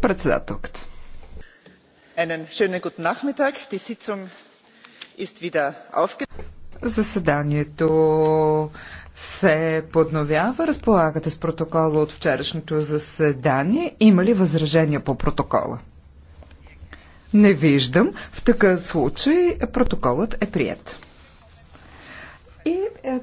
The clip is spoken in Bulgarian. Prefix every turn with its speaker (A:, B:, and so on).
A: Председателката. Заседанието се подновява. Разполагате с протокола от вчерашното заседание. Има ли възражения по протокола? Не виждам. В такъв случай протоколът е прият. И е,